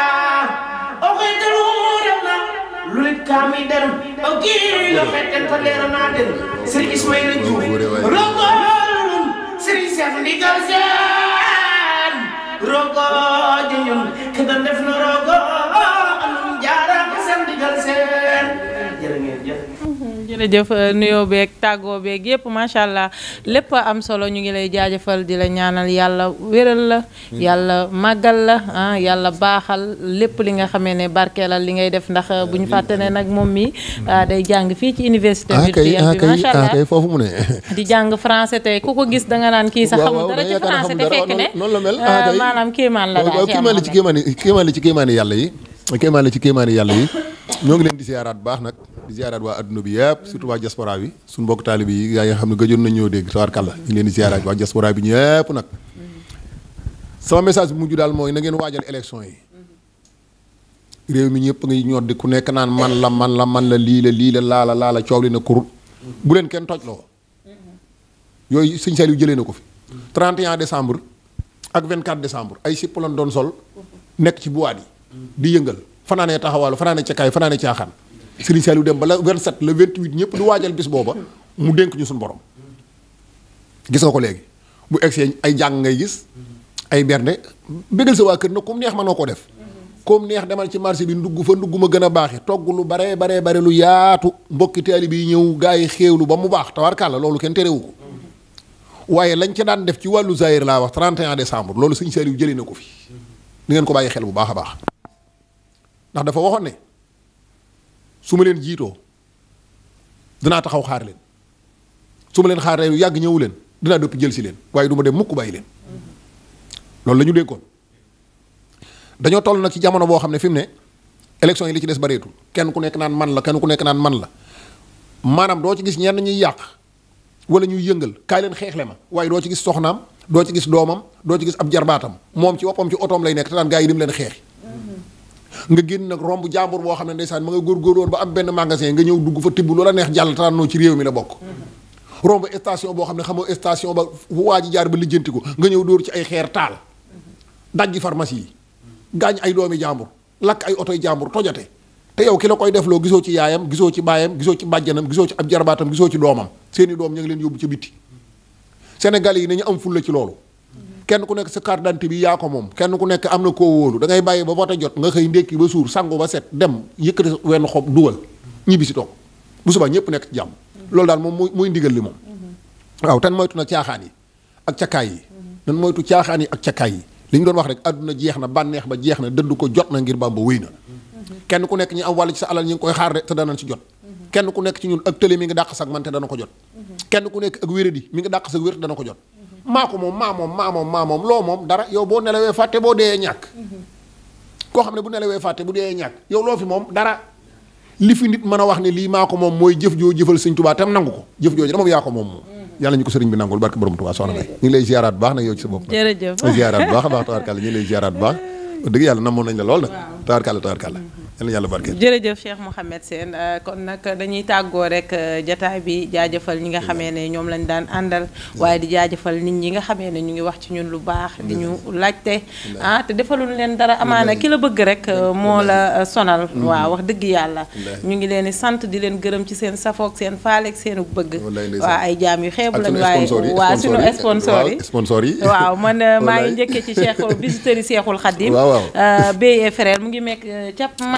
o koy delu dem na kaami den o gii lo fetten ta leera naa den Serigne Ismaïla Diouf rokkoolun Serigne Cheikh ndigal seen rogo ji ñun ke doon def na rogo jërëjëf euh, nuyoo beeg tàggoo beeg yëpp macha allah lépp am solo ñu ngi lay jaajëfal di la ñaanal yàlla wéral la. Mm. yàlla màggal la ah yàlla baaxal lépp li nga xamee ne barkeelal li ngay def ndax bu ñu fàtte nag moom mi mm. ah, day jàng fii ci université. virtuelle ah, ah, bi macha allah foofu mu ne. di jàng français tey ku ko gis da nga naan kii sax xamul dara ci français te fekk ne maanaam kéemaan la daal ci kéemaan la ci kéemaani yàlla yi kéemaan la ci kéemaani yàlla yi ñoo ngi leen di siyaaraat baax nag di ziaraat waa adduna bi yëpp surtout waa diaspora bi suñu mbokk taalibe yi yaa xam ne gëjoon nañu ñoo dégg tabaarkàlla ñu ngi leen di ziaraat waa diaspora bi ñëpp nag sama message bi mujj daal mooy na ngeen waajal élection yi réew mi ñëpp ngay ñor di ku nekk naan man la man la man la lii la lii la laala laala coow li na kurut bu leen kenn toj loo yooyu sëñ yu jëlee na ko fi 31 décembre ak 24 décembre ay sipp lañ doon sol nekk ci buwaat yi di yëngal fanaanee taxawaalu fanaanee cakaay fanaanee caaxaan Serigne Saliou dem bala la 27 le 28 ñëpp du waajal bis booba mu dénk ñu suñu borom gis nga ko léegi bu egsee ay jàng ngay gis ay berne bégal sa waa kër nag comme neex mën nga koo def comme neex demal ci marché bi ndugg fa ndugg ma gën a baaxi togg lu baree baree bare lu yaatu mbokki taalibe yi ñëw gaa yi xéewlu ba mu baax tabarkàlla loolu kenn terewu ko waaye lañ ca daan def ci wàllu zahir laa wax 31 décembre loolu Serigne Saliou jëlee na ko fi di ngeen ko bàyyi xel bu baax a baax dafa waxoon ne su ma leen jiitoo danaa taxaw xaar leen su ma leen xaaree yu yàgg ñëwu leen dinaa dëpp jël si leen waaye duma ma dem mukk bàyyi leen loolu la ñu dénkoon dañoo toll nag ci jamono boo xam ne fi mu ne élection yi li ci des bareetul kenn ku nekk naan man la kenn ku nekk naan man la maanaam doo ci gis ñenn ñuy yàq wala ñuy yëngal kaay leen xeexle ma waaye doo ci gis soxnaam doo ci gis doomam doo ci gis ab jarbaatam moom ci woppam ci otoom lay nekk te naan gaa yi dim leen xeexi nga génn nag romb jàmbur boo xam ne ndeysaan ma nga góorgóor woon ba am benn magasin nga ñëw dugg fa tibb loola neex jàll tànnoo ci réew mi la bokk romb station boo xam ne xamoo station ba fu waa jaar ba lijjanti ko nga ñëw dóor ci ay xeer taal dajji pharmacie yi gaañ ay doomi jàmbur lakk ay otoy jàmbur tojate te yow ki la koy defloo gisoo ci yaayam gisoo ci baayam gisoo ci bàjjanam gisoo ci ab jarbaatam gisoo ci doomam seeni doom ñu ngi leen yóbbu ca bitti Sénégalais yi nañu am fulla ci loolu kenn ku nekk sa carte d'identité bi yaa ko moom kenn ku nekk am na koo wóolu da ngay bàyyi ba vote jot nga xëy ndékki ba suur sangu ba set dem yëkkati wenn xob dugal ñibbi si toog bu subaa ñëpp nekk ci jàmm loolu daal moom mooy mooy ndigal li moom waaw tan moytu na caaxaan yi ak cakaay yi nan moytu caaxaan yi ak cakaay yi li ñu doon wax rek àdduna jeex na bànneex ba jeex na dëdd ko jot na ngir Bàmba wéy na kenn ku nekk ñi am wàll ci sa alal ñi ngi koy xaar de te danañ ci jot kenn ku nekk ci ñun ak tële mi ngi dàq sax man te dana ko jot kenn ku nekk ak wéradi mi ngi dàq sax wér dana ko jot maa ko moom maa moom maa moom maa moom loo moom dara yow boo nelawee fàtte boo dee ñàkk. koo xam ne bu nelawee fàtte bu dee ñàkk yow loo fi moom dara. li fi nit mën a wax ni lii maa ko moom mooy jëf joo jëfal sëñ Tuubaa tam nangu ko jëf jooju moom yaa ko moom moom mm. yàlla ñu ko sëriñ bi nangul barke borom Tuubaa soxna may mm. ñu ngi lay ziaraat bu baax nag yow ci sa bopp ziaraat bu baax a baax tabarkàlla ñu lay ziaraat baax [LAUGHS] dëgg yàlla namoon nañ la yàlla yàlla barke jërëjëf Cheikh euh, kon nag dañuy tàggoo rek euh, jataay bi jaajëfal ñi nga xamee ne ñoom lañu daan àndal waaye di jaajëfal nit ñi nga xamee ne ñu ngi wax ci ñun lu baax di ñu laajte ah te defaluñ leen dara amaana ki la bëgg rek euh, moo la sonal mm-hmm. waa wax dëgg yàlla ñu ngi leen di sant di leen gërëm ci seen safoog seen faaleeg seenu bëgg waaw ay jaam yu xeebu lañ waaye waaw suñu sponsor yi sponsor yi waaw man [LAUGHS] maa ngi njëkkee ci seexul visiteurs yi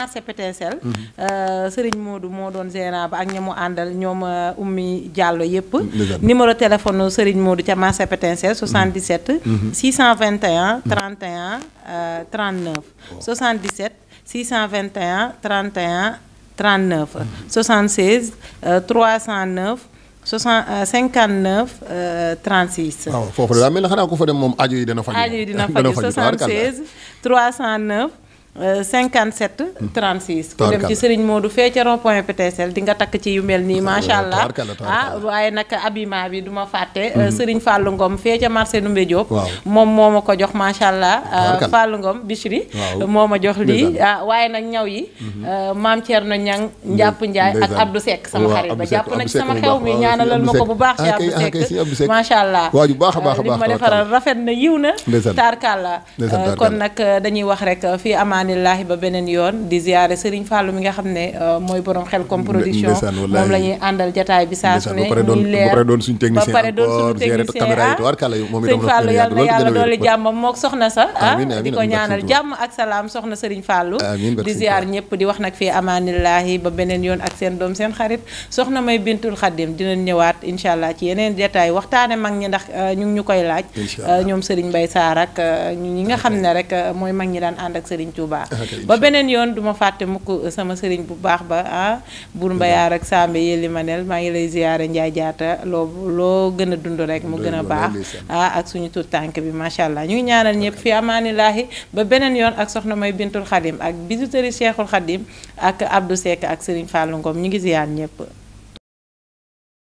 marché Pétésel. Euh, Serigne Modou moo doon gérant ba ak ña mu àndal ñoom euh, Oumy Diallo yëpp. numéro téléphone Serigne Modou ca marché Pétésel 77. 621 31 39. 77 621 31 39. 76 309. 59 36. waaw foofu la daal mel na xanaa ku fa dem moom aajo yi dana faju. dana [LAUGHS] faju dana faju 76 309. 57 euh, 36 ku dem ci Serigne Modou fee ca rond point PTSL takk ci yu mel nii macha allah ah, waaye nag abima bi du ma fàtte mhm. euh, Serigne Fallou Ngom fee ca marché Ndoumbé Diop moom moo ma ko jox macha allah euh, Fallou Ngom Bichri moo ma jox lii ah waaye nag ñaw yi mhm. maam Thierno Niang njàpp Ndiaye ak Abdou Seck sama xarit ba jàpp na ci sama xew mi ñaanalal ma ko bu baax ah, ah, ci Abdou Seck macha allah waaju baax a baax a baax li ma defaral rafet na yiw na taarkalla kon nag bisimilahi ba beneen yoon di ziare Serigne Fallou nga xam ne euh, mooy borom xel comme production moom la ñuy àndal jataay bi saa su ne muy leer ba pare doon suñu technicien ba pare doon na ah. yàlla doole jàmm mook soxna sa ah di ko ñaanal jàmm ak salaam soxna Serigne Fallou di ziar di wax nag fii amaanillahi ba beneen yoon ak seen doom seen xarit soxna may bintul xaddim dinañ ñëwaat incha allah ci yeneen jataay waxtaane mag ñi ndax euh, ñu ñu koy laaj euh, ñoom Serigne Mbaye Sarr ak ñi nga xam ne rek mooy mag ñi daan ànd ak Serigne baax ba beneen yoon duma fàtte mukk sama sëriñ bu baax ba ah buur mbayaar ak saambe yëlli manel maa ngi lay ziyaare njaay jaata loo loo gën a dund rek mu gën a baax ah ak suñu tuut tànk bi macha allah ñu ngi ñaanal ñëpp fi amaanilaahi ba beneen yoon ak soxna may bintul xadim ak bijouterie cheikhul xadim ak abdou seck ak sëriñ fàllu ngom ñu ngi ziyaar ñëpp